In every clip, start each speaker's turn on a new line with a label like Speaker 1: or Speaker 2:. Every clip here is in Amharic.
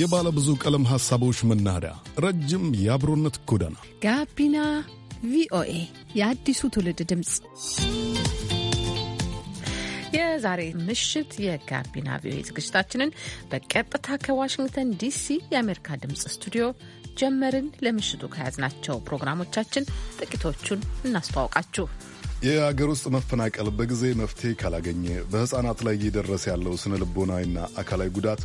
Speaker 1: የባለ ብዙ ቀለም ሐሳቦች መናኸሪያ፣ ረጅም የአብሮነት ጎዳና
Speaker 2: ጋቢና ቪኦኤ የአዲሱ ትውልድ ድምፅ። የዛሬ ምሽት የጋቢና ቪኦኤ ዝግጅታችንን በቀጥታ ከዋሽንግተን ዲሲ የአሜሪካ ድምፅ ስቱዲዮ ጀመርን። ለምሽቱ ከያዝናቸው ፕሮግራሞቻችን ጥቂቶቹን እናስተዋውቃችሁ።
Speaker 1: የአገር ውስጥ መፈናቀል በጊዜ መፍትሄ ካላገኘ በሕፃናት ላይ እየደረሰ ያለው ስነ ልቦናዊና አካላዊ ጉዳት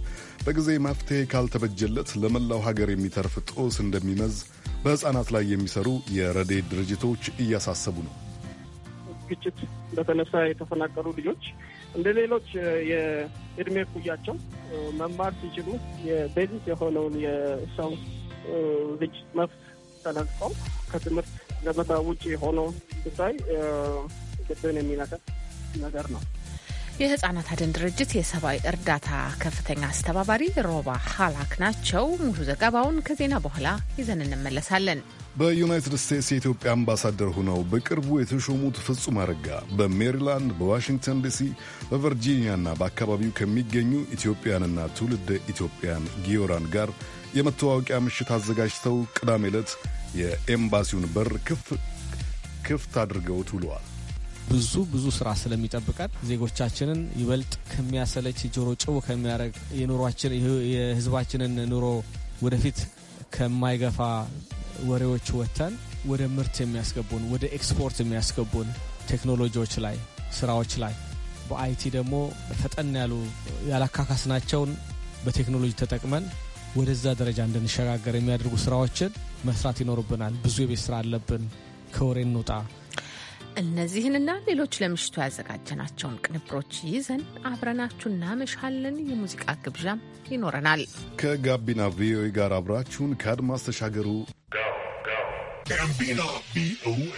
Speaker 1: በጊዜ መፍትሄ ካልተበጀለት ለመላው ሀገር የሚተርፍ ጦስ እንደሚመዝ በሕፃናት ላይ የሚሰሩ የረድኤት ድርጅቶች እያሳሰቡ ነው።
Speaker 3: ግጭት በተነሳ የተፈናቀሉ ልጆች እንደ ሌሎች የእድሜ እኩያቸው መማር ሲችሉ የቤዚስ የሆነውን የሰው ልጅ መብት ተነጥቀው ከትምህርት ገበታ ውጭ ሆኖ ስታይ ልብን የሚነካ ነገር ነው።
Speaker 2: የህጻናት አድን ድርጅት የሰብአዊ እርዳታ ከፍተኛ አስተባባሪ ሮባ ሀላክ ናቸው። ሙሉ ዘገባውን ከዜና በኋላ ይዘን እንመለሳለን።
Speaker 1: በዩናይትድ ስቴትስ የኢትዮጵያ አምባሳደር ሆነው በቅርቡ የተሾሙት ፍጹም አረጋ በሜሪላንድ፣ በዋሽንግተን ዲሲ፣ በቨርጂኒያና በአካባቢው ከሚገኙ ኢትዮጵያንና ትውልደ ኢትዮጵያን ጊዮራን ጋር የመተዋወቂያ ምሽት አዘጋጅተው ቅዳሜ ዕለት የኤምባሲውን በር ክፍት አድርገውት ውለዋል።
Speaker 4: ብዙ ብዙ ስራ ስለሚጠብቀን ዜጎቻችንን ይበልጥ ከሚያሰለች ጆሮ ጭው ከሚያደርግ የኑሯችን የህዝባችንን ኑሮ ወደፊት ከማይገፋ ወሬዎች ወጥተን ወደ ምርት የሚያስገቡን ወደ ኤክስፖርት የሚያስገቡን ቴክኖሎጂዎች ላይ ስራዎች ላይ በአይቲ ደግሞ ፈጠን ያሉ ያላካካስናቸውን በቴክኖሎጂ ተጠቅመን ወደዛ ደረጃ እንድንሸጋገር የሚያደርጉ ስራዎችን መስራት ይኖርብናል። ብዙ የቤት ስራ አለብን። ከወሬ እንውጣ።
Speaker 2: እነዚህንና ሌሎች ለምሽቱ ያዘጋጀናቸውን ቅንብሮች ይዘን አብረናችሁ እናመሻለን። የሙዚቃ ግብዣም ይኖረናል።
Speaker 1: ከጋቢና ቪኦኤ ጋር አብራችሁን ከአድማስ ተሻገሩ። ጋቢና ቪኦኤ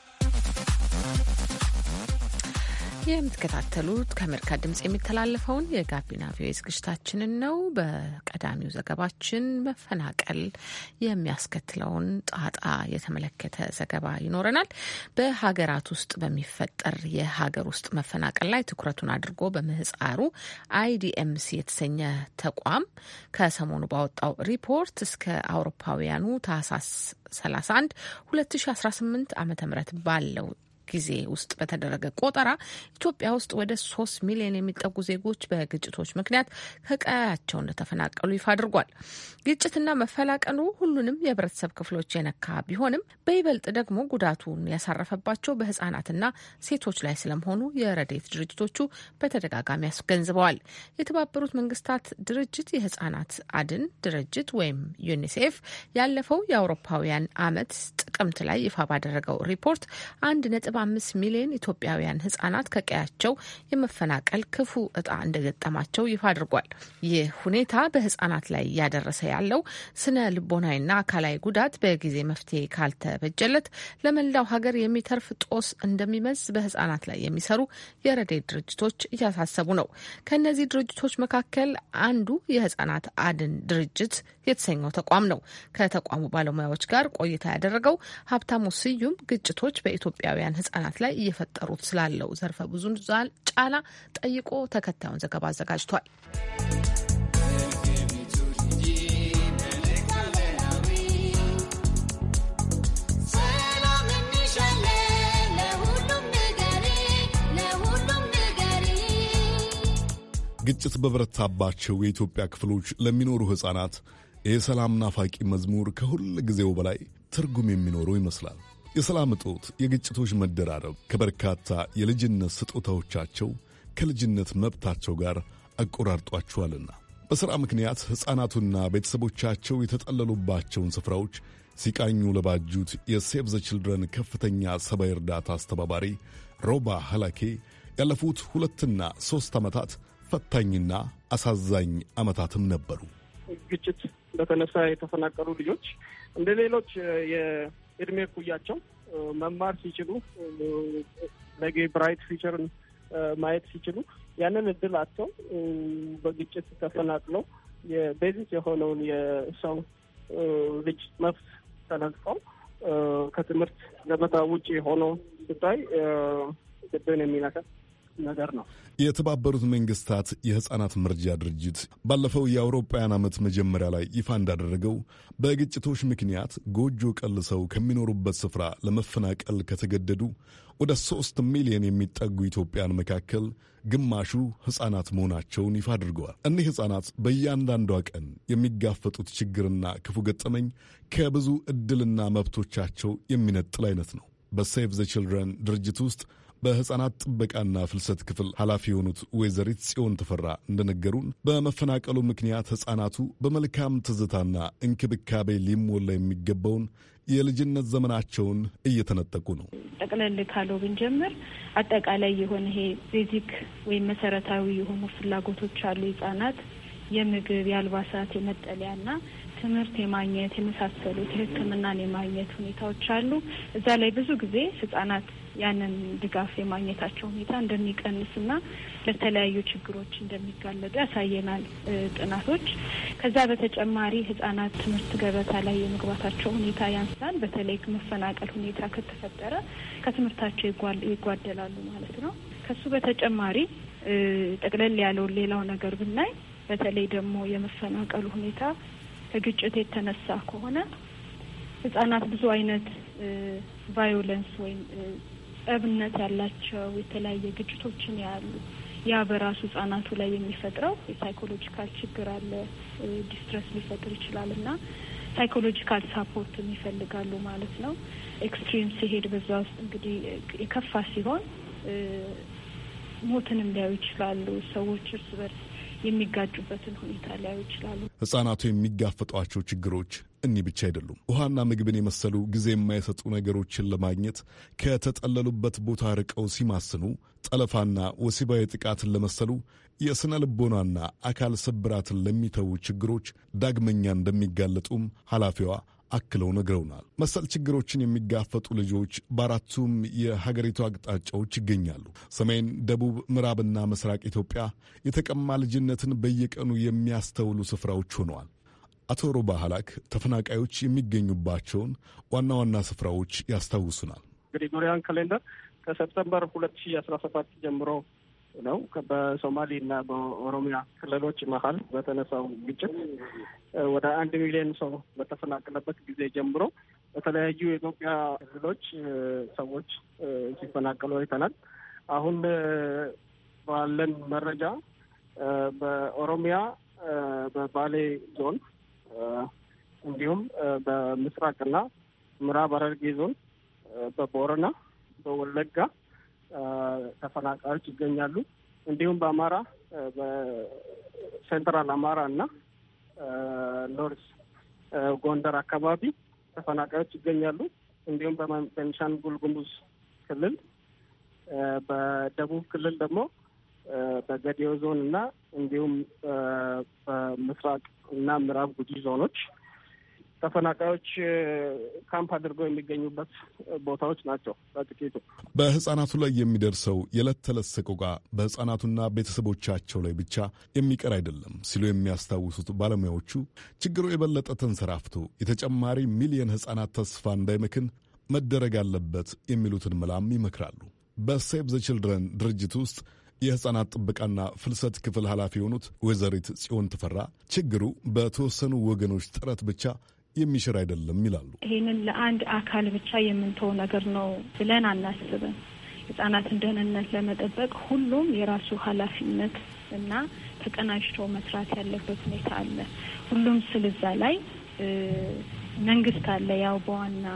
Speaker 2: የምትከታተሉት ከአሜሪካ ድምጽ የሚተላለፈውን የጋቢና ቪኦኤ ዝግጅታችንን ነው። በቀዳሚው ዘገባችን መፈናቀል የሚያስከትለውን ጣጣ የተመለከተ ዘገባ ይኖረናል። በሀገራት ውስጥ በሚፈጠር የሀገር ውስጥ መፈናቀል ላይ ትኩረቱን አድርጎ በምህፃሩ አይዲኤምሲ የተሰኘ ተቋም ከሰሞኑ ባወጣው ሪፖርት እስከ አውሮፓውያኑ ታህሳስ 31 2018 ዓ ም ባለው ጊዜ ውስጥ በተደረገ ቆጠራ ኢትዮጵያ ውስጥ ወደ ሶስት ሚሊዮን የሚጠጉ ዜጎች በግጭቶች ምክንያት ከቀያቸው እንደተፈናቀሉ ይፋ አድርጓል። ግጭትና መፈላቀሉ ሁሉንም የህብረተሰብ ክፍሎች የነካ ቢሆንም በይበልጥ ደግሞ ጉዳቱን ያሳረፈባቸው በህጻናትና ሴቶች ላይ ስለመሆኑ የረዴት ድርጅቶቹ በተደጋጋሚ አስገንዝበዋል። የተባበሩት መንግስታት ድርጅት የህጻናት አድን ድርጅት ወይም ዩኒሴፍ ያለፈው የአውሮፓውያን አመት ጥቅምት ላይ ይፋ ባደረገው ሪፖርት አንድ ነጥብ አምስት ሚሊዮን ኢትዮጵያውያን ህጻናት ከቀያቸው የመፈናቀል ክፉ እጣ እንደገጠማቸው ይፋ አድርጓል። ይህ ሁኔታ በህጻናት ላይ እያደረሰ ያለው ስነ ልቦናዊና አካላዊ ጉዳት በጊዜ መፍትሄ ካልተበጀለት ለመላው ሀገር የሚተርፍ ጦስ እንደሚመዝ በህጻናት ላይ የሚሰሩ የረዴ ድርጅቶች እያሳሰቡ ነው። ከእነዚህ ድርጅቶች መካከል አንዱ የህጻናት አድን ድርጅት የተሰኘው ተቋም ነው። ከተቋሙ ባለሙያዎች ጋር ቆይታ ያደረገው ሀብታሙ ስዩም ግጭቶች በኢትዮጵያውያን ህጻናት ላይ እየፈጠሩት ስላለው ዘርፈ ብዙ ጫና ጠይቆ ተከታዩን ዘገባ አዘጋጅቷል።
Speaker 1: ግጭት በበረታባቸው የኢትዮጵያ ክፍሎች ለሚኖሩ ሕፃናት የሰላም ናፋቂ መዝሙር ከሁል ጊዜው በላይ ትርጉም የሚኖረው ይመስላል። የሰላም እጦት፣ የግጭቶች መደራረብ ከበርካታ የልጅነት ስጦታዎቻቸው ከልጅነት መብታቸው ጋር አቆራርጧቸዋልና በሥራ ምክንያት ሕፃናቱና ቤተሰቦቻቸው የተጠለሉባቸውን ስፍራዎች ሲቃኙ ለባጁት የሴቭ ዘ ችልድረን ከፍተኛ ሰብአዊ እርዳታ አስተባባሪ ሮባ ሐላኬ ያለፉት ሁለትና ሦስት ዓመታት ፈታኝና አሳዛኝ ዓመታትም ነበሩ።
Speaker 3: ግጭት በተነሳ የተፈናቀሉ ልጆች እንደ ሌሎች እድሜ እኩያቸው መማር ሲችሉ ነገ ብራይት ፊቸርን ማየት ሲችሉ ያንን እድል አጥተው በግጭት ተፈናቅለው የቤዚስ የሆነውን የሰው ልጅ መብት ተነጥቀው ከትምህርት ገበታ ውጭ የሆነው ስታይ ልብን የሚነካ ነገር ነው።
Speaker 1: የተባበሩት መንግስታት የህጻናት መርጃ ድርጅት ባለፈው የአውሮፓውያን ዓመት መጀመሪያ ላይ ይፋ እንዳደረገው በግጭቶች ምክንያት ጎጆ ቀልሰው ከሚኖሩበት ስፍራ ለመፈናቀል ከተገደዱ ወደ ሶስት ሚሊዮን የሚጠጉ ኢትዮጵያን መካከል ግማሹ ህጻናት መሆናቸውን ይፋ አድርገዋል። እኒህ ህጻናት በእያንዳንዷ ቀን የሚጋፈጡት ችግርና ክፉ ገጠመኝ ከብዙ ዕድልና መብቶቻቸው የሚነጥል አይነት ነው። በሴቭ ዘ ችልድረን ድርጅት ውስጥ በህፃናት ጥበቃና ፍልሰት ክፍል ኃላፊ የሆኑት ወይዘሪት ጽዮን ተፈራ እንደነገሩን በመፈናቀሉ ምክንያት ህፃናቱ በመልካም ትዝታና እንክብካቤ ሊሞላ የሚገባውን የልጅነት ዘመናቸውን እየተነጠቁ ነው።
Speaker 5: ጠቅለል ካለው ብንጀምር አጠቃላይ የሆነ ይሄ ቤዚክ ወይም መሰረታዊ የሆኑ ፍላጎቶች አሉ ህጻናት የምግብ፣ የአልባሳት፣ የመጠለያና ትምህርት የማግኘት የመሳሰሉት የህክምናን የማግኘት ሁኔታዎች አሉ። እዛ ላይ ብዙ ጊዜ ህጻናት ያንን ድጋፍ የማግኘታቸው ሁኔታ እንደሚቀንስና ለተለያዩ ችግሮች እንደሚጋለጡ ያሳየናል ጥናቶች። ከዛ በተጨማሪ ህጻናት ትምህርት ገበታ ላይ የመግባታቸው ሁኔታ ያንሳል። በተለይ መፈናቀል ሁኔታ ከተፈጠረ ከትምህርታቸው ይጓደላሉ ማለት ነው። ከሱ በተጨማሪ ጠቅለል ያለውን ሌላው ነገር ብናይ በተለይ ደግሞ የመፈናቀሉ ሁኔታ ከግጭት የተነሳ ከሆነ ህጻናት ብዙ አይነት ቫዮለንስ ወይም እብነት ያላቸው የተለያየ ግጭቶችን ያሉ ያ በራሱ ህጻናቱ ላይ የሚፈጥረው የሳይኮሎጂካል ችግር አለ፣ ዲስትረስ ሊፈጥር ይችላል እና ሳይኮሎጂካል ሳፖርትም ይፈልጋሉ ማለት ነው። ኤክስትሪም ሲሄድ በዛ ውስጥ እንግዲህ የከፋ ሲሆን ሞትንም ሊያዩ ይችላሉ። ሰዎች እርስ በርስ የሚጋጁበትን ሁኔታ ሊያዩ ይችላሉ።
Speaker 1: ህጻናቱ የሚጋፈጧቸው ችግሮች እኒህ ብቻ አይደሉም። ውሃና ምግብን የመሰሉ ጊዜ የማይሰጡ ነገሮችን ለማግኘት ከተጠለሉበት ቦታ ርቀው ሲማስኑ ጠለፋና ወሲባዊ ጥቃትን ለመሰሉ የሥነ ልቦናና አካል ስብራትን ለሚተዉ ችግሮች ዳግመኛ እንደሚጋለጡም ኃላፊዋ አክለው ነግረውናል። መሰል ችግሮችን የሚጋፈጡ ልጆች በአራቱም የሀገሪቱ አቅጣጫዎች ይገኛሉ። ሰሜን፣ ደቡብ፣ ምዕራብና ምስራቅ ኢትዮጵያ የተቀማ ልጅነትን በየቀኑ የሚያስተውሉ ስፍራዎች ሆነዋል። አቶ ሮባ ሀላክ ተፈናቃዮች የሚገኙባቸውን ዋና ዋና ስፍራዎች ያስታውሱናል።
Speaker 3: ግሪጎሪያን ካሌንደር ከሰፕተምበር ሁለት ሺ አስራ ሰባት ጀምሮ ነው በሶማሌ እና በኦሮሚያ ክልሎች መሀል በተነሳው ግጭት ወደ አንድ ሚሊዮን ሰው በተፈናቀለበት ጊዜ ጀምሮ በተለያዩ የኢትዮጵያ ክልሎች ሰዎች ሲፈናቀሉ አይተናል። አሁን ባለን መረጃ በኦሮሚያ በባሌ ዞን እንዲሁም በምስራቅና ምዕራብ ሐረርጌ ዞን በቦረና በወለጋ ተፈናቃዮች ይገኛሉ። እንዲሁም በአማራ በሴንትራል አማራ እና ኖርዝ ጎንደር አካባቢ ተፈናቃዮች ይገኛሉ። እንዲሁም በቤንሻንጉል ጉሙዝ ክልል፣ በደቡብ ክልል ደግሞ በገዲዮ ዞን እና እንዲሁም በምስራቅ እና ምዕራብ ጉጂ ዞኖች ተፈናቃዮች ካምፕ አድርገው የሚገኙበት ቦታዎች ናቸው። በጥቂቱ
Speaker 1: በህጻናቱ ላይ የሚደርሰው የዕለት ተዕለት ሰቆቃ በህጻናቱና ቤተሰቦቻቸው ላይ ብቻ የሚቀር አይደለም ሲሉ የሚያስታውሱት ባለሙያዎቹ ችግሩ የበለጠ ተንሰራፍቶ የተጨማሪ ሚሊየን ህጻናት ተስፋ እንዳይመክን መደረግ አለበት የሚሉትን ምላም ይመክራሉ። በሴቭ ዘ ችልድረን ድርጅት ውስጥ የህፃናት ጥበቃና ፍልሰት ክፍል ኃላፊ የሆኑት ወይዘሪት ጽዮን ተፈራ ችግሩ በተወሰኑ ወገኖች ጥረት ብቻ የሚሽር አይደለም ይላሉ።
Speaker 5: ይህንን ለአንድ አካል ብቻ የምንተው ነገር ነው ብለን አናስብም። ህጻናትን ደህንነት ለመጠበቅ ሁሉም የራሱ ኃላፊነት እና ተቀናጅቶ መስራት ያለበት ሁኔታ አለ። ሁሉም ስልዛ ላይ መንግስት አለ። ያው በዋና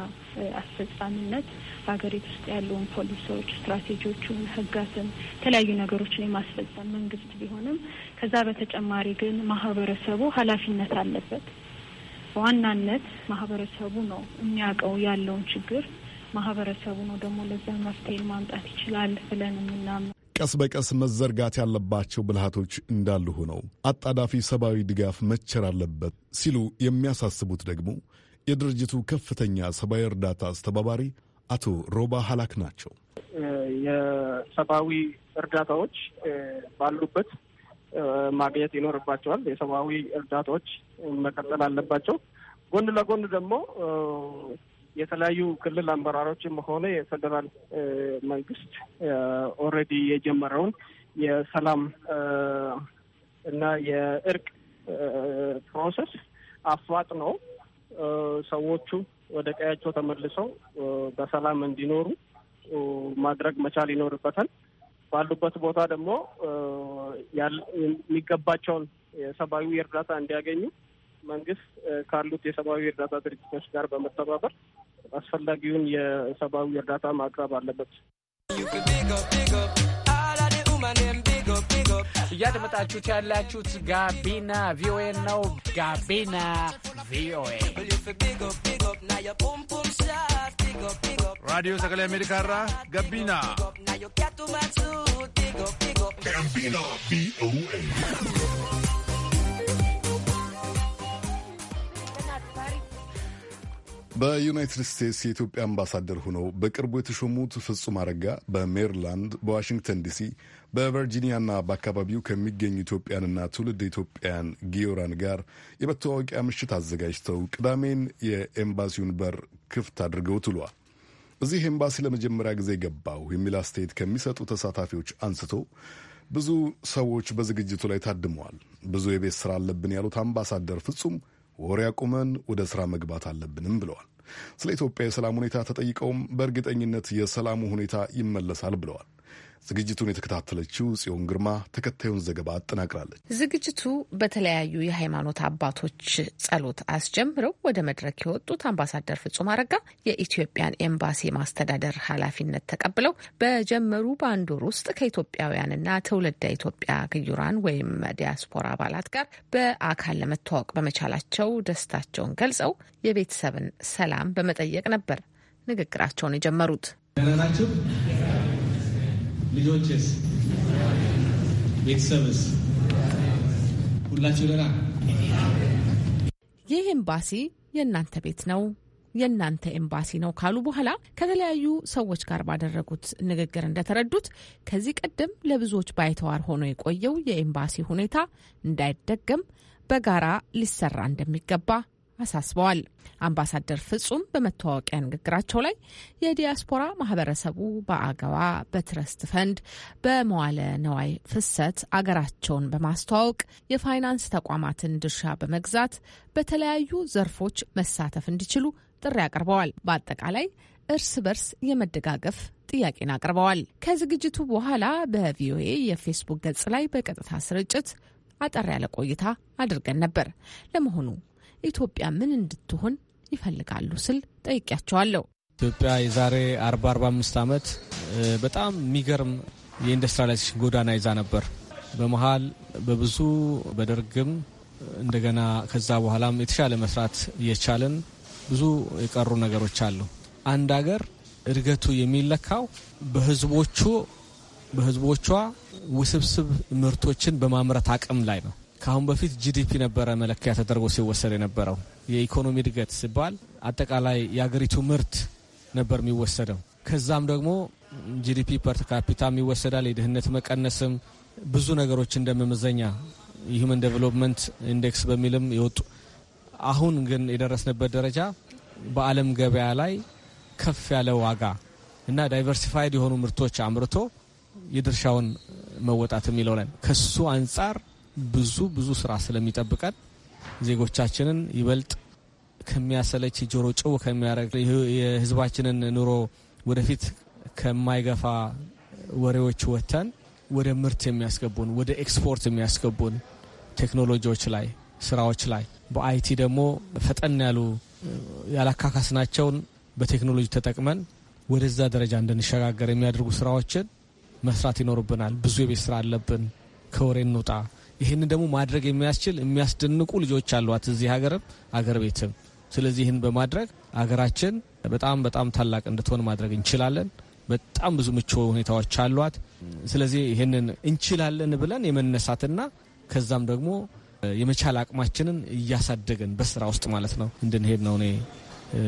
Speaker 5: አስፈጻሚነት በሀገሪቱ ውስጥ ያለውን ፖሊሲዎች፣ ስትራቴጂዎቹን፣ ህጋትን፣ የተለያዩ ነገሮችን የማስፈጸም መንግስት ቢሆንም ከዛ በተጨማሪ ግን ማህበረሰቡ ኃላፊነት አለበት። በዋናነት ማህበረሰቡ ነው የሚያውቀው ያለውን ችግር ማህበረሰቡ ነው ደግሞ ለዛ መፍትሄን ማምጣት ይችላል ብለን የምናምን
Speaker 1: ቀስ በቀስ መዘርጋት ያለባቸው ብልሃቶች እንዳሉ ሆነው አጣዳፊ ሰብአዊ ድጋፍ መቸር አለበት ሲሉ የሚያሳስቡት ደግሞ የድርጅቱ ከፍተኛ ሰብአዊ እርዳታ አስተባባሪ አቶ ሮባ ሀላክ ናቸው።
Speaker 3: የሰብአዊ እርዳታዎች ባሉበት ማግኘት ይኖርባቸዋል። የሰብአዊ እርዳታዎች መቀጠል አለባቸው። ጎን ለጎን ደግሞ የተለያዩ ክልል አመራሮችም ሆነ የፌዴራል መንግስት ኦልሬዲ የጀመረውን የሰላም እና የእርቅ ፕሮሰስ አፋጥ ነው። ሰዎቹ ወደ ቀያቸው ተመልሰው በሰላም እንዲኖሩ ማድረግ መቻል ይኖርበታል። ባሉበት ቦታ ደግሞ የሚገባቸውን የሰብአዊ እርዳታ እንዲያገኙ መንግስት ካሉት የሰብአዊ እርዳታ ድርጅቶች ጋር በመተባበር አስፈላጊውን የሰብአዊ እርዳታ ማቅረብ አለበት።
Speaker 6: እያደመጣችሁት ያላችሁት ጋቢና ቪኦኤ ነው። ጋቢና
Speaker 7: ቪኦኤ ራዲዮ ሰገሌ አሜሪካ ራ ጋቢና ጋቢና ቪኦኤ
Speaker 1: በዩናይትድ ስቴትስ የኢትዮጵያ አምባሳደር ሆነው በቅርቡ የተሾሙት ፍጹም አረጋ በሜሪላንድ፣ በዋሽንግተን ዲሲ፣ በቨርጂኒያና በአካባቢው ከሚገኙ ኢትዮጵያንና ትውልድ ኢትዮጵያን ጊዮራን ጋር የመተዋወቂያ ምሽት አዘጋጅተው ቅዳሜን የኤምባሲውን በር ክፍት አድርገው ትሏል። እዚህ ኤምባሲ ለመጀመሪያ ጊዜ ገባሁ የሚል አስተያየት ከሚሰጡ ተሳታፊዎች አንስቶ ብዙ ሰዎች በዝግጅቱ ላይ ታድመዋል። ብዙ የቤት ስራ አለብን ያሉት አምባሳደር ፍጹም ወሬ አቁመን ወደ ስራ መግባት አለብንም ብለዋል። ስለ ኢትዮጵያ የሰላም ሁኔታ ተጠይቀውም በእርግጠኝነት የሰላሙ ሁኔታ ይመለሳል ብለዋል። ዝግጅቱን የተከታተለችው ጽዮን ግርማ ተከታዩን ዘገባ አጠናቅራለች።
Speaker 2: ዝግጅቱ በተለያዩ የሃይማኖት አባቶች ጸሎት አስጀምረው ወደ መድረክ የወጡት አምባሳደር ፍጹም አረጋ የኢትዮጵያን ኤምባሲ ማስተዳደር ኃላፊነት ተቀብለው በጀመሩ በአንድ ወር ውስጥ ከኢትዮጵያውያንና ትውልደ ኢትዮጵያ ግዩራን ወይም ዲያስፖራ አባላት ጋር በአካል ለመተዋወቅ በመቻላቸው ደስታቸውን ገልጸው የቤተሰብን ሰላም በመጠየቅ ነበር ንግግራቸውን የጀመሩት።
Speaker 4: ልጆችስ? ቤተሰብስ? ሁላችሁ ለና
Speaker 2: ይህ ኤምባሲ የእናንተ ቤት ነው የእናንተ ኤምባሲ ነው ካሉ በኋላ ከተለያዩ ሰዎች ጋር ባደረጉት ንግግር እንደተረዱት ከዚህ ቀደም ለብዙዎች ባይተዋር ሆኖ የቆየው የኤምባሲ ሁኔታ እንዳይደገም በጋራ ሊሰራ እንደሚገባ አሳስበዋል። አምባሳደር ፍጹም በመተዋወቂያ ንግግራቸው ላይ የዲያስፖራ ማህበረሰቡ በአገዋ በትረስት ፈንድ በመዋለ ነዋይ ፍሰት አገራቸውን በማስተዋወቅ የፋይናንስ ተቋማትን ድርሻ በመግዛት በተለያዩ ዘርፎች መሳተፍ እንዲችሉ ጥሪ አቅርበዋል። በአጠቃላይ እርስ በርስ የመደጋገፍ ጥያቄን አቅርበዋል። ከዝግጅቱ በኋላ በቪኦኤ የፌስቡክ ገጽ ላይ በቀጥታ ስርጭት አጠር ያለ ቆይታ አድርገን ነበር። ለመሆኑ ኢትዮጵያ ምን እንድትሆን ይፈልጋሉ ስል ጠይቄያቸዋለሁ።
Speaker 4: ኢትዮጵያ የዛሬ 40 45 ዓመት በጣም የሚገርም የኢንዱስትሪላይዜሽን ጎዳና ይዛ ነበር። በመሀል በብዙ በደርግም እንደገና ከዛ በኋላም የተሻለ መስራት እየቻልን ብዙ የቀሩ ነገሮች አሉ። አንድ ሀገር እድገቱ የሚለካው በህዝቦቹ በህዝቦቿ ውስብስብ ምርቶችን በማምረት አቅም ላይ ነው። ከአሁን በፊት ጂዲፒ ነበረ መለኪያ ተደርጎ ሲወሰድ የነበረው። የኢኮኖሚ እድገት ሲባል አጠቃላይ የአገሪቱ ምርት ነበር የሚወሰደው። ከዛም ደግሞ ጂዲፒ ፐር ካፒታም ይወሰዳል። የድህነት መቀነስም ብዙ ነገሮች እንደመመዘኛ ሂውመን ዴቨሎፕመንት ኢንዴክስ በሚልም የወጡ አሁን ግን የደረስንበት ደረጃ በዓለም ገበያ ላይ ከፍ ያለ ዋጋ እና ዳይቨርሲፋይድ የሆኑ ምርቶች አምርቶ የድርሻውን መወጣት የሚለው ላይ ከሱ አንጻር ብዙ ብዙ ስራ ስለሚጠብቀን ዜጎቻችንን ይበልጥ ከሚያሰለች ጆሮ ጭው ከሚያደርግ የህዝባችንን ኑሮ ወደፊት ከማይገፋ ወሬዎች ወጥተን ወደ ምርት የሚያስገቡን ወደ ኤክስፖርት የሚያስገቡን ቴክኖሎጂዎች ላይ ስራዎች ላይ በአይቲ ደግሞ ፈጠን ያሉ ያላካካስናቸውን በቴክኖሎጂ ተጠቅመን ወደዛ ደረጃ እንድንሸጋገር የሚያደርጉ ስራዎችን መስራት ይኖርብናል። ብዙ የቤት ስራ አለብን። ከወሬ እንውጣ። ይህንን ደግሞ ማድረግ የሚያስችል የሚያስደንቁ ልጆች አሏት እዚህ ሀገርም አገር ቤትም። ስለዚህ ይህን በማድረግ አገራችን በጣም በጣም ታላቅ እንድትሆን ማድረግ እንችላለን። በጣም ብዙ ምቹ ሁኔታዎች አሏት። ስለዚህ ይህንን እንችላለን ብለን የመነሳትና ከዛም ደግሞ የመቻል አቅማችንን እያሳደገን በስራ ውስጥ ማለት ነው እንድንሄድ ነው እኔ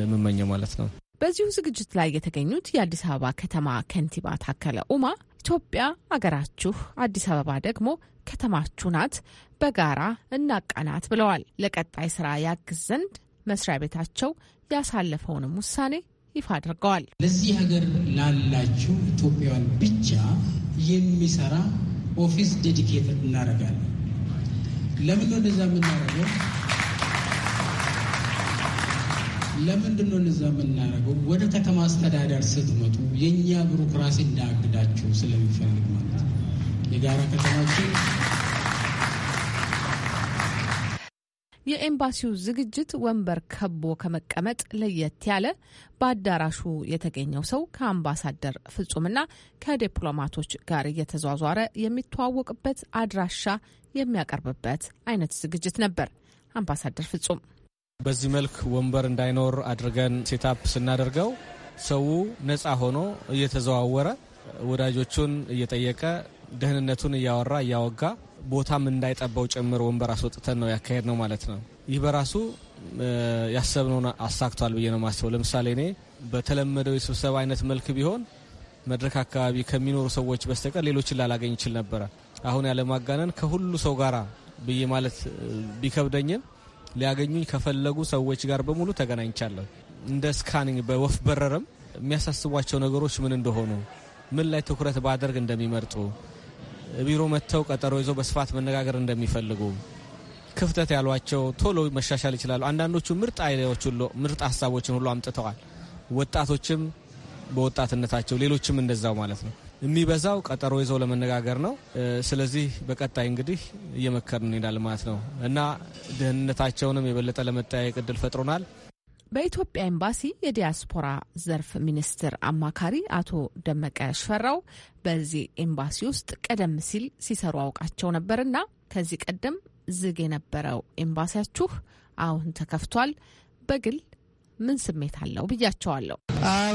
Speaker 2: የምመኘው ማለት ነው። በዚሁ ዝግጅት ላይ የተገኙት የአዲስ አበባ ከተማ ከንቲባ ታከለ ኡማ ኢትዮጵያ አገራችሁ፣ አዲስ አበባ ደግሞ ከተማችሁ ናት፣ በጋራ እናቃናት ብለዋል። ለቀጣይ ስራ ያግዝ ዘንድ መስሪያ ቤታቸው ያሳለፈውንም ውሳኔ
Speaker 6: ይፋ አድርገዋል። ለዚህ ሀገር ላላችሁ ኢትዮጵያውያን ብቻ የሚሰራ ኦፊስ ዴዲኬትድ እናደርጋለን። ለምን ወደዛ የምናደርገው ለምንድን ነው እነዛ የምናደርገው? ወደ ከተማ አስተዳደር ስትመጡ የእኛ ቢሮክራሲ እንዳያግዳችሁ ስለሚፈልግ ማለት ነው። የጋራ ከተማችን
Speaker 2: የኤምባሲው ዝግጅት ወንበር ከቦ ከመቀመጥ ለየት ያለ በአዳራሹ የተገኘው ሰው ከአምባሳደር ፍጹምና ከዲፕሎማቶች ጋር እየተዟዟረ የሚተዋወቅበት አድራሻ የሚያቀርብበት አይነት ዝግጅት ነበር። አምባሳደር ፍጹም
Speaker 4: በዚህ መልክ ወንበር እንዳይኖር አድርገን ሴታፕ ስናደርገው ሰው ነፃ ሆኖ እየተዘዋወረ ወዳጆቹን እየጠየቀ ደህንነቱን እያወራ እያወጋ ቦታም እንዳይጠባው ጭምር ወንበር አስወጥተን ነው ያካሄድ ነው ማለት ነው። ይህ በራሱ ያሰብነውን አሳክቷል ብዬ ነው ማስበው። ለምሳሌ እኔ በተለመደው የስብሰባ አይነት መልክ ቢሆን መድረክ አካባቢ ከሚኖሩ ሰዎች በስተቀር ሌሎችን ላላገኝ ይችል ነበረ። አሁን ያለማጋነን ከሁሉ ሰው ጋራ ብዬ ማለት ቢከብደኝም ሊያገኙኝ ከፈለጉ ሰዎች ጋር በሙሉ ተገናኝቻለሁ። እንደ ስካኒንግ በወፍ በረርም የሚያሳስቧቸው ነገሮች ምን እንደሆኑ፣ ምን ላይ ትኩረት ባደርግ እንደሚመርጡ፣ ቢሮ መጥተው ቀጠሮ ይዘው በስፋት መነጋገር እንደሚፈልጉ፣ ክፍተት ያሏቸው ቶሎ መሻሻል ይችላሉ። አንዳንዶቹ ምርጥ አይዲያዎች ምርጥ ሀሳቦችን ሁሉ አምጥተዋል። ወጣቶችም በወጣትነታቸው ሌሎችም እንደዛው ማለት ነው። የሚበዛው ቀጠሮ ይዘው ለመነጋገር ነው። ስለዚህ በቀጣይ እንግዲህ እየመከርን እንሄዳለን ማለት ነው እና ደህንነታቸውንም የበለጠ ለመጠያየቅ እድል ፈጥሮናል።
Speaker 2: በኢትዮጵያ ኤምባሲ የዲያስፖራ ዘርፍ ሚኒስትር አማካሪ አቶ ደመቀ ሽፈራው በዚህ ኤምባሲ ውስጥ ቀደም ሲል ሲሰሩ አውቃቸው ነበርና ከዚህ ቀደም ዝግ የነበረው ኤምባሲያችሁ አሁን ተከፍቷል፣ በግል ምን ስሜት አለው ብያቸዋለሁ።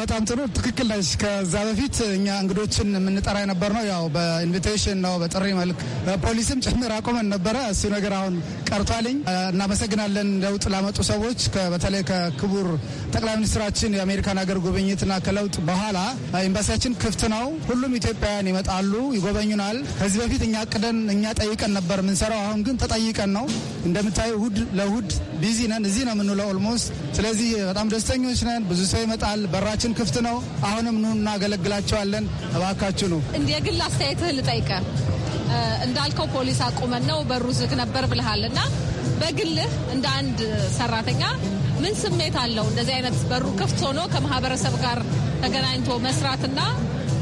Speaker 7: በጣም ጥሩ ትክክል ነች። ከዛ በፊት እኛ እንግዶችን የምንጠራ የነበር ነው ያው በኢንቪቴሽን ነው በጥሪ መልክ በፖሊስም ጭምር አቁመን ነበረ። እሱ ነገር አሁን ቀርቷልኝ። እናመሰግናለን ለውጥ ላመጡ ሰዎች በተለይ ከክቡር ጠቅላይ ሚኒስትራችን የአሜሪካን ሀገር ጉብኝትና ከለውጥ በኋላ ኤምባሲያችን ክፍት ነው። ሁሉም ኢትዮጵያውያን ይመጣሉ፣ ይጎበኙናል። ከዚህ በፊት እኛ ቅደን እኛ ጠይቀን ነበር የምንሰራው። አሁን ግን ተጠይቀን ነው እንደምታዩ፣ እሁድ ለእሁድ ቢዚ ነን። እዚህ ነው የምንውለው ኦልሞስት። ስለዚህ በጣም ደስተኞች ነን። ብዙ ሰው ይመጣል። በራችን ክፍት ነው። አሁንም ኑ እናገለግላቸዋለን። እባካችሁ ነው።
Speaker 2: እንዲ የግል አስተያየትህ ልጠይቀ እንዳልከው ፖሊስ አቁመን ነው በሩ ዝግ ነበር ብልሃል እና በግልህ እንደ አንድ ሰራተኛ ምን ስሜት አለው እንደዚህ አይነት በሩ ክፍት ሆኖ ከማህበረሰብ ጋር ተገናኝቶ መስራትና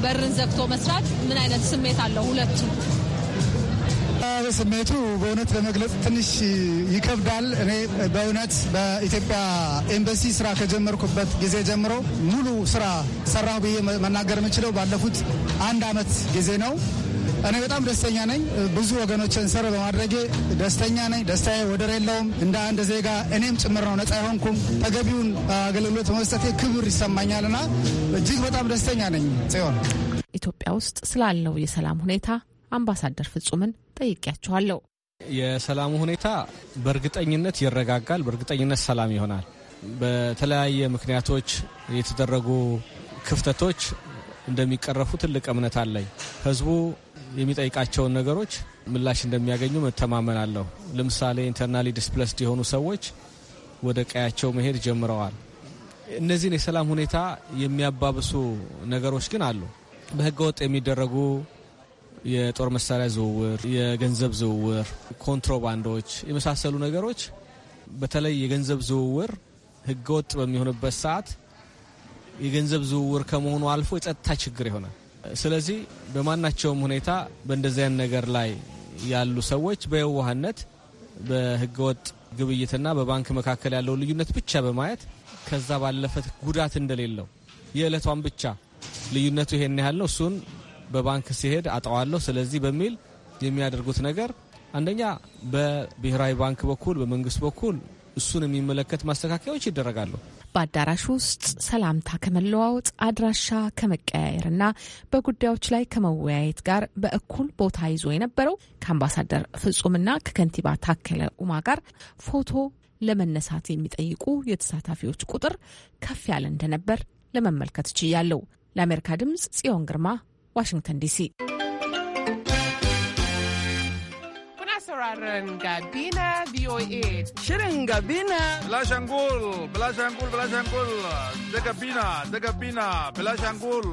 Speaker 2: በርን ዘግቶ መስራት ምን አይነት ስሜት አለው ሁለቱ?
Speaker 7: የመተባበር ስሜቱ በእውነት ለመግለጽ ትንሽ ይከብዳል። እኔ በእውነት በኢትዮጵያ ኤምባሲ ስራ ከጀመርኩበት ጊዜ ጀምሮ ሙሉ ስራ ሰራሁ ብዬ መናገር የምችለው ባለፉት አንድ አመት ጊዜ ነው። እኔ በጣም ደስተኛ ነኝ። ብዙ ወገኖችን ሰር በማድረጌ ደስተኛ ነኝ። ደስታዬ ወደር የለውም። እንደ አንድ ዜጋ እኔም ጭምር ነው ነጻ የሆንኩም ተገቢውን አገልግሎት በመስጠቴ ክብር ይሰማኛልና እጅግ በጣም ደስተኛ ነኝ። ጽዮን፣ ኢትዮጵያ
Speaker 2: ውስጥ ስላለው የሰላም ሁኔታ አምባሳደር ፍጹምን ጠይቄያቸዋለሁ።
Speaker 4: የሰላሙ ሁኔታ በእርግጠኝነት ይረጋጋል፣ በእርግጠኝነት ሰላም ይሆናል። በተለያየ ምክንያቶች የተደረጉ ክፍተቶች እንደሚቀረፉ ትልቅ እምነት አለኝ። ህዝቡ የሚጠይቃቸውን ነገሮች ምላሽ እንደሚያገኙ መተማመን ለምሳሌ ኢንተርናሊ ዲስፕለስድ የሆኑ ሰዎች ወደ ቀያቸው መሄድ ጀምረዋል። እነዚህን የሰላም ሁኔታ የሚያባብሱ ነገሮች ግን አሉ። በህገ ወጥ የሚደረጉ የጦር መሳሪያ ዝውውር፣ የገንዘብ ዝውውር፣ ኮንትሮባንዶች የመሳሰሉ ነገሮች በተለይ የገንዘብ ዝውውር ህገወጥ በሚሆንበት ሰዓት የገንዘብ ዝውውር ከመሆኑ አልፎ የጸጥታ ችግር ይሆናል። ስለዚህ በማናቸውም ሁኔታ በእንደዚያን ነገር ላይ ያሉ ሰዎች በየዋህነት በህገወጥ ግብይትና በባንክ መካከል ያለውን ልዩነት ብቻ በማየት ከዛ ባለፈት ጉዳት እንደሌለው የዕለቷን ብቻ ልዩነቱ ይሄን ያህል ነው እሱን በባንክ ሲሄድ አጠዋለሁ፣ ስለዚህ በሚል የሚያደርጉት ነገር አንደኛ በብሔራዊ ባንክ በኩል በመንግስት በኩል እሱን የሚመለከት ማስተካከያዎች ይደረጋሉ።
Speaker 2: በአዳራሽ ውስጥ ሰላምታ ከመለዋወጥ አድራሻ ከመቀያየርና በጉዳዮች ላይ ከመወያየት ጋር በእኩል ቦታ ይዞ የነበረው ከአምባሳደር ፍጹምና ከከንቲባ ታከለ ኡማ ጋር ፎቶ ለመነሳት የሚጠይቁ የተሳታፊዎች ቁጥር ከፍ ያለ እንደነበር ለመመልከት ችያለው። ለአሜሪካ ድምጽ ጽዮን ግርማ ዋሽington DC.
Speaker 7: Kuna sauraron Gabina VOA. Shirin Gabina. Bilashangul, Bilashangul, Bilashangul. Da Gabina, da Gabina, Bilashangul.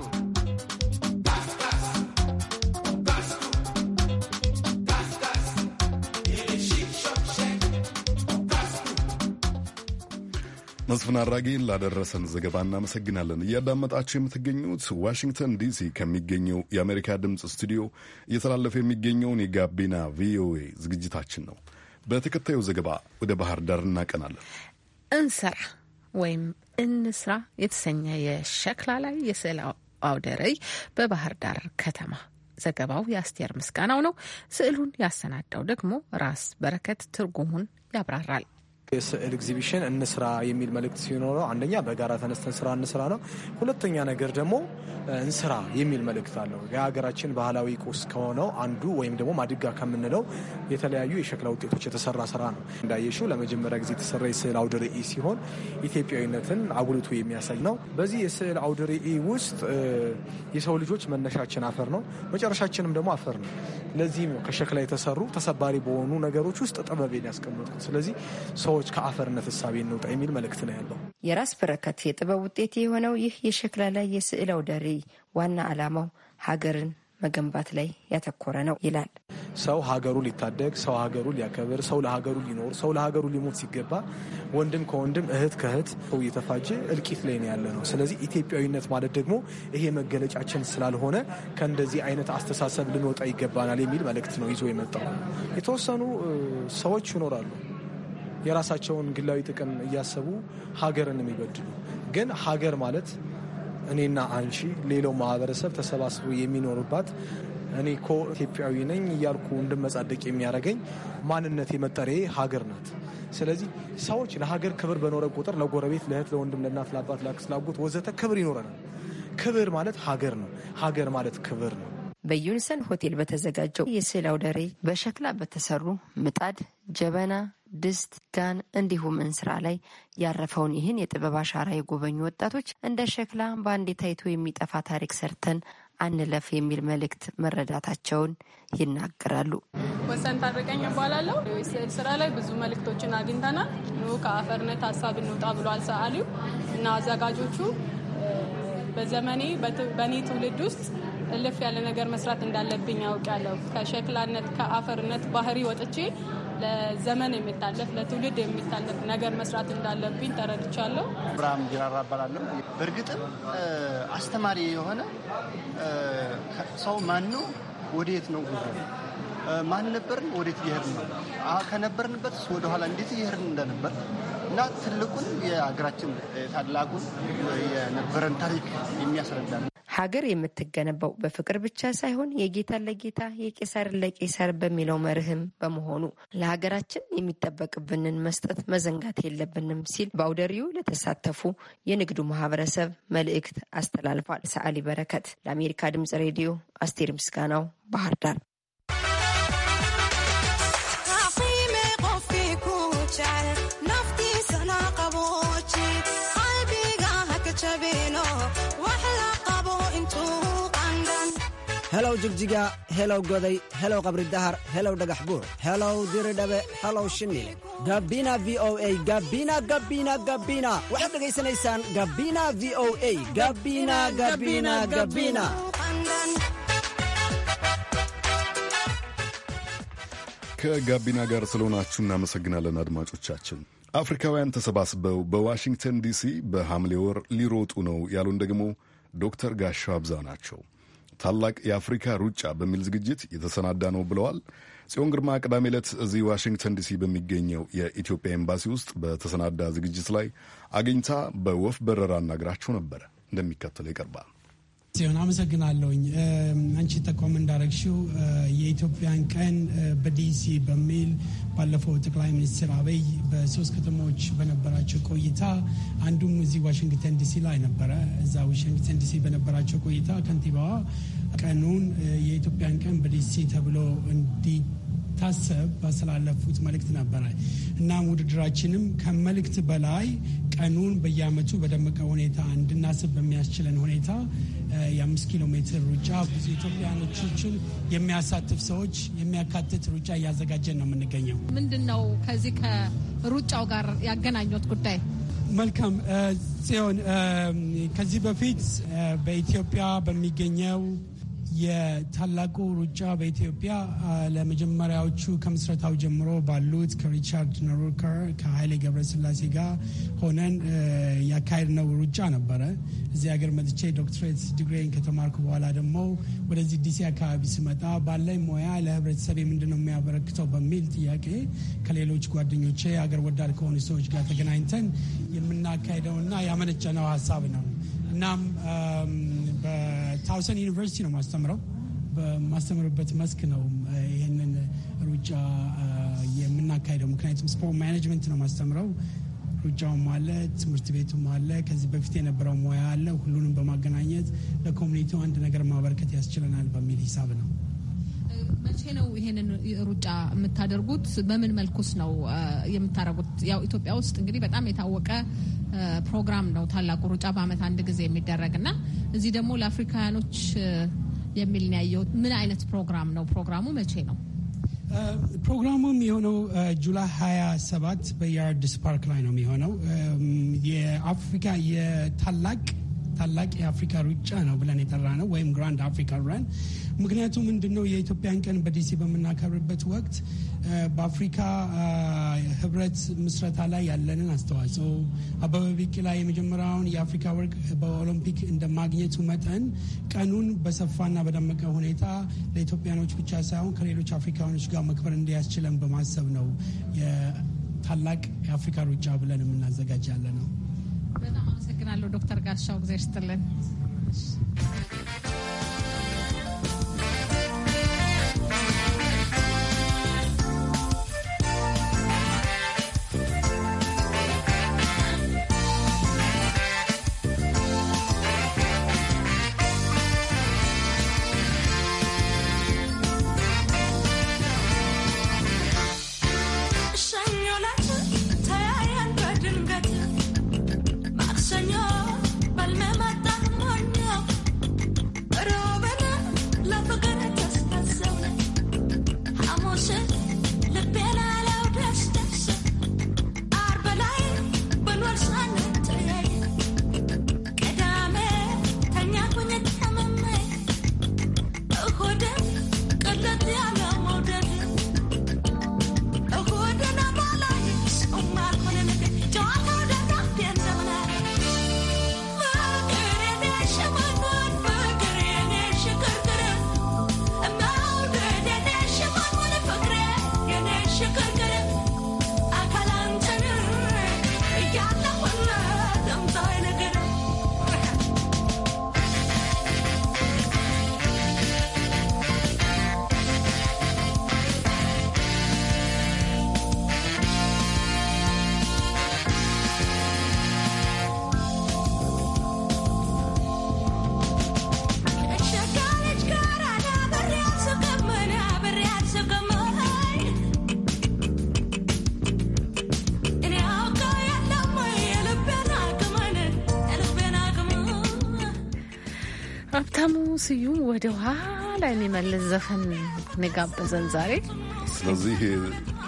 Speaker 1: መስፍን አራጌን ላደረሰን ዘገባ እናመሰግናለን። እያዳመጣችሁ የምትገኙት ዋሽንግተን ዲሲ ከሚገኘው የአሜሪካ ድምፅ ስቱዲዮ እየተላለፈ የሚገኘውን የጋቢና ቪኦኤ ዝግጅታችን ነው። በተከታዩ ዘገባ ወደ ባህር ዳር እናቀናለን።
Speaker 2: እንሰራ ወይም እንስራ የተሰኘ የሸክላ ላይ የስዕል አውደ ርዕይ በባህር ዳር ከተማ ዘገባው የአስቴር ምስጋናው ነው። ስዕሉን ያሰናዳው ደግሞ ራስ በረከት ትርጉሙን
Speaker 8: ያብራራል። የስዕል ኤግዚቢሽን እንስራ የሚል መልእክት ሲኖረው አንደኛ በጋራ ተነስተን ስራ እንስራ ነው። ሁለተኛ ነገር ደግሞ እንስራ የሚል መልእክት አለው። የሀገራችን ባህላዊ ቁስ ከሆነው አንዱ ወይም ደግሞ ማድጋ ከምንለው የተለያዩ የሸክላ ውጤቶች የተሰራ ስራ ነው። እንዳየሽው ለመጀመሪያ ጊዜ የተሰራ የስዕል አውደ ርዕይ ሲሆን ኢትዮጵያዊነትን አጉልቶ የሚያሳይ ነው። በዚህ የስዕል አውደ ርዕይ ውስጥ የሰው ልጆች መነሻችን አፈር ነው፣ መጨረሻችንም ደግሞ አፈር ነው። ለዚህም ከሸክላ የተሰሩ ተሰባሪ በሆኑ ነገሮች ውስጥ ጥበብን ያስቀመጥኩት ስለዚህ ሰው ሰዎች ከአፈርነት እሳቤ እንውጣ የሚል መልእክት ነው ያለው።
Speaker 9: የራስ በረከት የጥበብ ውጤት የሆነው ይህ የሸክላ ላይ የስዕል አውደ ርዕይ ዋና ዓላማው ሀገርን መገንባት ላይ ያተኮረ ነው ይላል።
Speaker 8: ሰው ሀገሩ ሊታደግ፣ ሰው ሀገሩ ሊያከብር፣ ሰው ለሀገሩ ሊኖር፣ ሰው ለሀገሩ ሊሞት ሲገባ ወንድም ከወንድም እህት ከእህት ሰው እየተፋጀ እልቂት ላይ ነው ያለ ነው። ስለዚህ ኢትዮጵያዊነት ማለት ደግሞ ይሄ መገለጫችን ስላልሆነ ከእንደዚህ አይነት አስተሳሰብ ልንወጣ ይገባናል የሚል መልእክት ነው ይዞ የመጣው። የተወሰኑ ሰዎች ይኖራሉ የራሳቸውን ግላዊ ጥቅም እያሰቡ ሀገርን የሚበድሉ ግን ሀገር ማለት እኔና አንቺ ሌላው ማህበረሰብ ተሰባስቦ የሚኖርባት እኔ ኮ ኢትዮጵያዊ ነኝ እያልኩ እንድመጻደቅ የሚያደርገኝ ማንነት የመጠሬ ሀገር ናት። ስለዚህ ሰዎች ለሀገር ክብር በኖረ ቁጥር ለጎረቤት፣ ለእህት፣ ለወንድም፣ ለእናት፣ ለአባት፣ ለአክስት፣ ለአጎት ወዘተ ክብር ይኖረናል። ክብር ማለት ሀገር ነው። ሀገር ማለት ክብር
Speaker 9: ነው። በዩኒሰን ሆቴል በተዘጋጀው የስዕል አውደ ርዕይ በሸክላ በተሰሩ ምጣድ፣ ጀበና፣ ድስት፣ ጋን እንዲሁም እንስራ ላይ ያረፈውን ይህን የጥበብ አሻራ የጎበኙ ወጣቶች እንደ ሸክላ በአንዴ ታይቶ የሚጠፋ ታሪክ ሰርተን አንለፍ የሚል መልእክት መረዳታቸውን ይናገራሉ።
Speaker 5: ወሰን ታረቀኝ እባላለሁ። ስዕል ስራ ላይ ብዙ መልእክቶችን አግኝተናል። ኑ ከአፈርነት ሀሳብ እንውጣ ብሏል ሰዓሊው እና አዘጋጆቹ። በዘመኔ በእኔ ትውልድ ውስጥ እልፍ ያለ ነገር መስራት እንዳለብኝ ያውቅ ያለው ከሸክላነት ከአፈርነት ባህሪ ወጥቼ ለዘመን የሚታለፍ ለትውልድ የሚታለፍ ነገር መስራት እንዳለብኝ ተረድቻለሁ።
Speaker 7: ብርሃም ጅራራ እባላለሁ። በእርግጥም አስተማሪ የሆነ ሰው ማን ነው? ወደየት ነው ጉዞ? ማን ነበርን? ወዴት እየሄድን ነው? ከነበርንበት ወደኋላ እንዴት እየሄድን እንደነበር እና ትልቁን የሀገራችን ታላቁን የነበረን ታሪክ የሚያስረዳ
Speaker 9: ሀገር የምትገነባው በፍቅር ብቻ ሳይሆን የጌታን ለጌታ የቄሳር ለቄሳር በሚለው መርህም በመሆኑ ለሀገራችን የሚጠበቅብንን መስጠት መዘንጋት የለብንም ሲል በአውደሪው ለተሳተፉ የንግዱ ማህበረሰብ መልእክት አስተላልፏል። ሰዓሊ በረከት ለአሜሪካ ድምጽ ሬዲዮ አስቴር ምስጋናው ባህር ዳር jigjiga helow goday helow qabri dahar helow dhagax buur helow diri dhabe helow shini gabina v o a gabina gabina gabina waxaad dhegaysanaysaan gabina v o a gabina gabina gabina
Speaker 1: ከጋቢና ጋር ስለሆናችሁ እናመሰግናለን አድማጮቻችን። አፍሪካውያን ተሰባስበው በዋሽንግተን ዲሲ በሐምሌ ወር ሊሮጡ ነው ያሉን ደግሞ ዶክተር ጋሻው አብዛ ናቸው። ታላቅ የአፍሪካ ሩጫ በሚል ዝግጅት የተሰናዳ ነው ብለዋል። ጽዮን ግርማ ቅዳሜ ዕለት እዚህ ዋሽንግተን ዲሲ በሚገኘው የኢትዮጵያ ኤምባሲ ውስጥ በተሰናዳ ዝግጅት ላይ አግኝታ በወፍ በረራ አናግራቸው ነበረ። እንደሚከተለው ይቀርባል።
Speaker 6: ሲሆን አመሰግናለሁኝ። አንቺ ጠቆም እንዳረግሽው የኢትዮጵያን ቀን በዲሲ በሚል ባለፈው ጠቅላይ ሚኒስትር አብይ በሶስት ከተሞች በነበራቸው ቆይታ አንዱም እዚህ ዋሽንግተን ዲሲ ላይ ነበረ። እዛ ዋሽንግተን ዲሲ በነበራቸው ቆይታ ከንቲባዋ ቀኑን የኢትዮጵያን ቀን በዲሲ ተብሎ እንዲ እንዲታሰብ ባስተላለፉት መልእክት ነበረ። እናም ውድድራችንም ከመልእክት በላይ ቀኑን በየአመቱ በደመቀ ሁኔታ እንድናስብ በሚያስችለን ሁኔታ የአምስት ኪሎ ሜትር ሩጫ ብዙ ኢትዮጵያኖችን የሚያሳትፍ ሰዎች የሚያካትት ሩጫ እያዘጋጀን ነው የምንገኘው።
Speaker 2: ምንድን ነው ከዚህ ከሩጫው ጋር ያገናኙት ጉዳይ?
Speaker 6: መልካም ጽዮን፣ ከዚህ በፊት በኢትዮጵያ በሚገኘው የታላቁ ሩጫ በኢትዮጵያ ለመጀመሪያዎቹ ከምስረታው ጀምሮ ባሉት ከሪቻርድ ነሩከር ከኃይሌ ገብረስላሴ ጋር ሆነን ያካሄድነው ሩጫ ነበረ። እዚህ ሀገር መጥቼ ዶክትሬት ዲግሪን ከተማርኩ በኋላ ደግሞ ወደዚህ ዲሲ አካባቢ ስመጣ ባለኝ ሙያ ለህብረተሰብ የምንድነው የሚያበረክተው በሚል ጥያቄ ከሌሎች ጓደኞቼ ሀገር ወዳድ ከሆኑ ሰዎች ጋር ተገናኝተን የምናካሄደውና ያመነጨነው ሀሳብ ነው። እናም ታውሰን ዩኒቨርሲቲ ነው ማስተምረው። በማስተምርበት መስክ ነው ይህንን ሩጫ የምናካሄደው። ምክንያቱም ስፖርት ማኔጅመንት ነው ማስተምረው። ሩጫውም አለ፣ ትምህርት ቤቱም አለ፣ ከዚህ በፊት የነበረው ሙያ አለ። ሁሉንም በማገናኘት ለኮሚኒቲው አንድ ነገር ማበረከት ያስችለናል በሚል ሂሳብ ነው።
Speaker 2: መቼ ነው ይሄንን ሩጫ የምታደርጉት? በምን መልኩስ ነው የምታደርጉት? ያው ኢትዮጵያ ውስጥ እንግዲህ በጣም የታወቀ ፕሮግራም ነው ታላቁ ሩጫ በዓመት አንድ ጊዜ የሚደረግ እና እዚህ ደግሞ ለአፍሪካውያኖች የሚል ያየሁት። ምን አይነት ፕሮግራም ነው? ፕሮግራሙ መቼ ነው?
Speaker 6: ፕሮግራሙም የሆነው ጁላይ 27 በየአዲስ ፓርክ ላይ ነው የሚሆነው። የአፍሪካ የታላቅ ታላቅ የአፍሪካ ሩጫ ነው ብለን የጠራ ነው ወይም ግራንድ አፍሪካ ራን። ምክንያቱ ምንድን ነው? የኢትዮጵያን ቀን በዲሲ በምናከብርበት ወቅት በአፍሪካ ህብረት ምስረታ ላይ ያለንን አስተዋጽኦ አበበ ቢቂላ የመጀመሪያውን የአፍሪካ ወርቅ በኦሎምፒክ እንደማግኘቱ መጠን ቀኑን በሰፋና በደመቀ ሁኔታ ለኢትዮጵያኖች ብቻ ሳይሆን ከሌሎች አፍሪካኖች ጋር መክበር እንዲያስችለን በማሰብ ነው ታላቅ የአፍሪካ ሩጫ ብለን የምናዘጋጅ ያለ ነው።
Speaker 2: አመሰግናለሁ ዶክተር ጋሻው ጊዜ ስዩም ወደ ኋላ የሚመልስ ዘፈን ንጋበዘን ዛሬ።
Speaker 1: ስለዚህ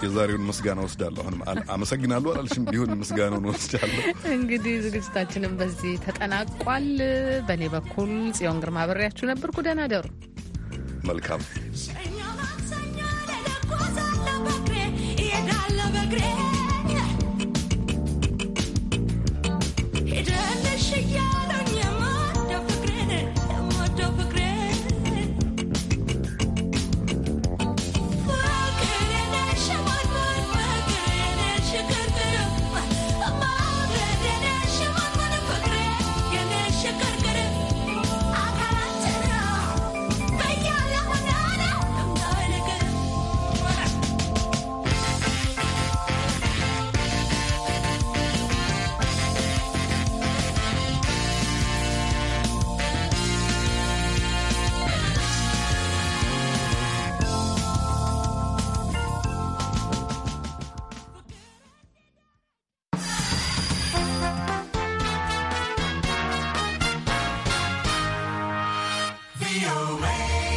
Speaker 1: የዛሬውን ምስጋና ወስዳለሁ። አሁንም አመሰግናለሁ አላልሽም ቢሆን ምስጋናውን ወስዳለሁ።
Speaker 2: እንግዲህ ዝግጅታችንም በዚህ ተጠናቋል። በእኔ በኩል ጽዮን ግርማ አብሬያችሁ ነበርኩ። ደህና ደሩ።
Speaker 1: መልካም